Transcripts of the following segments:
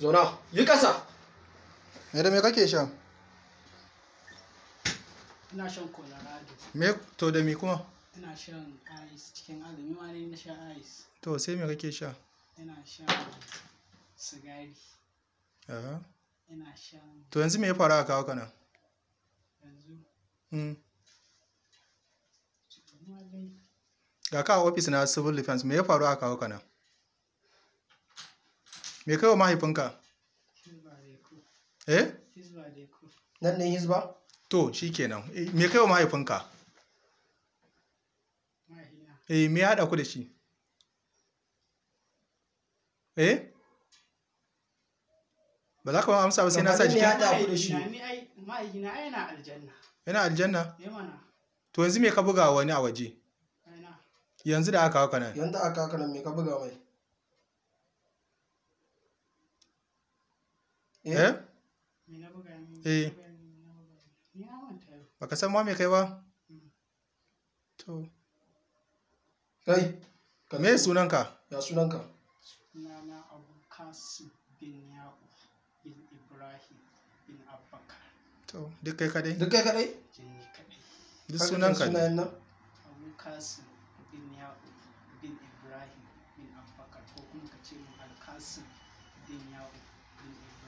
zauna yi kasa me da me kake sha ina shan colorado me to da me kuma ina shan ice cikin azumi ma ne na sha ice to sai me kake sha ina shan sigari aha ina shan to yanzu me ya faru hmm. a kawo kana yanzu mm ga kawo ofis na civil defense me ya faru a kawo kana me kai wa mahaifinka eh nan ne hizba to shikenan eh, me kai wa mahaifinka eh me ya haɗa ku da shi eh ba za ka ba amsa ba sai na sa jiki yana aljanna eh, to yanzu me ka buga wani a waje yanzu da aka haka nan yanzu da aka haka nan me ka buga mai eh eh, eh. eh. baka san ma me kai ba to kai me sunanka ya sunanka sunana abu kasu bin yaƙu bin ibrahim bin abbakar to duk kai kadai duk kai kadai duk sunanka ne sunan nan abu kasu bin yaƙu bin ibrahim bin abbakar ko kuma ka ce mu alkasim bin yaƙu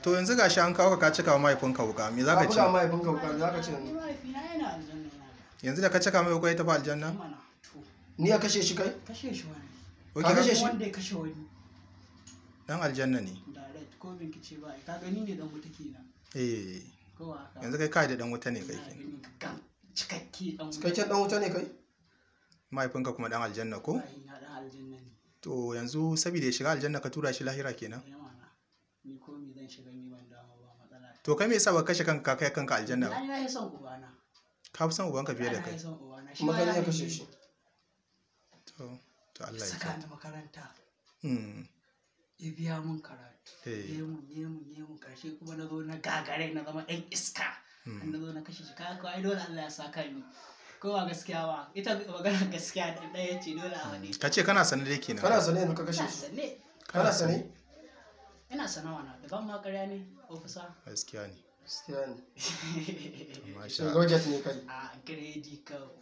to yanzu ga shi an kawo ka cika wa mahaifinka wuka me za ka ce wuka me za ka ce yanzu da ka cika mai wuka ya tafi aljanna ni ya kashe shi kai kashe shi wani ka kashe shi wanda ya kashe wani dan aljanna ne direct ko bin ba ka gani ne dan wuta kenan eh yanzu kai kai da dan wuta ne kai kenan cikakke dan wuta cikakke dan wuta ne kai mahaifinka kuma dan aljanna ko to yanzu saboda ya shiga aljanna ka tura shi lahira kenan rumi zan shiga ni ban dawo ba matsala to kai me yasa ba kashe kanka kai kanka aljanna ba na yi son ubana ka fi son ubanka fiye da kai kuma kai ya kashe shi to to Allah ya saka ni makaranta hmm. ya biya mun karatu eh. ya mun ya mun karshe kuma na zo na gagare na zama ɗan iska hmm. na zo na kashe shi kaga kawai dole Allah ya sa kai ko ba gaskiya ba ita magana gaskiya ɗaya ce dole a wani ka ce kana sane dai kenan kana sane ne ka kashe shi kana sane ina sanawa na da ban ma ƙarya ne ofisa gaskiya ne gaskiya ne amma sha ne kai a gredi kawai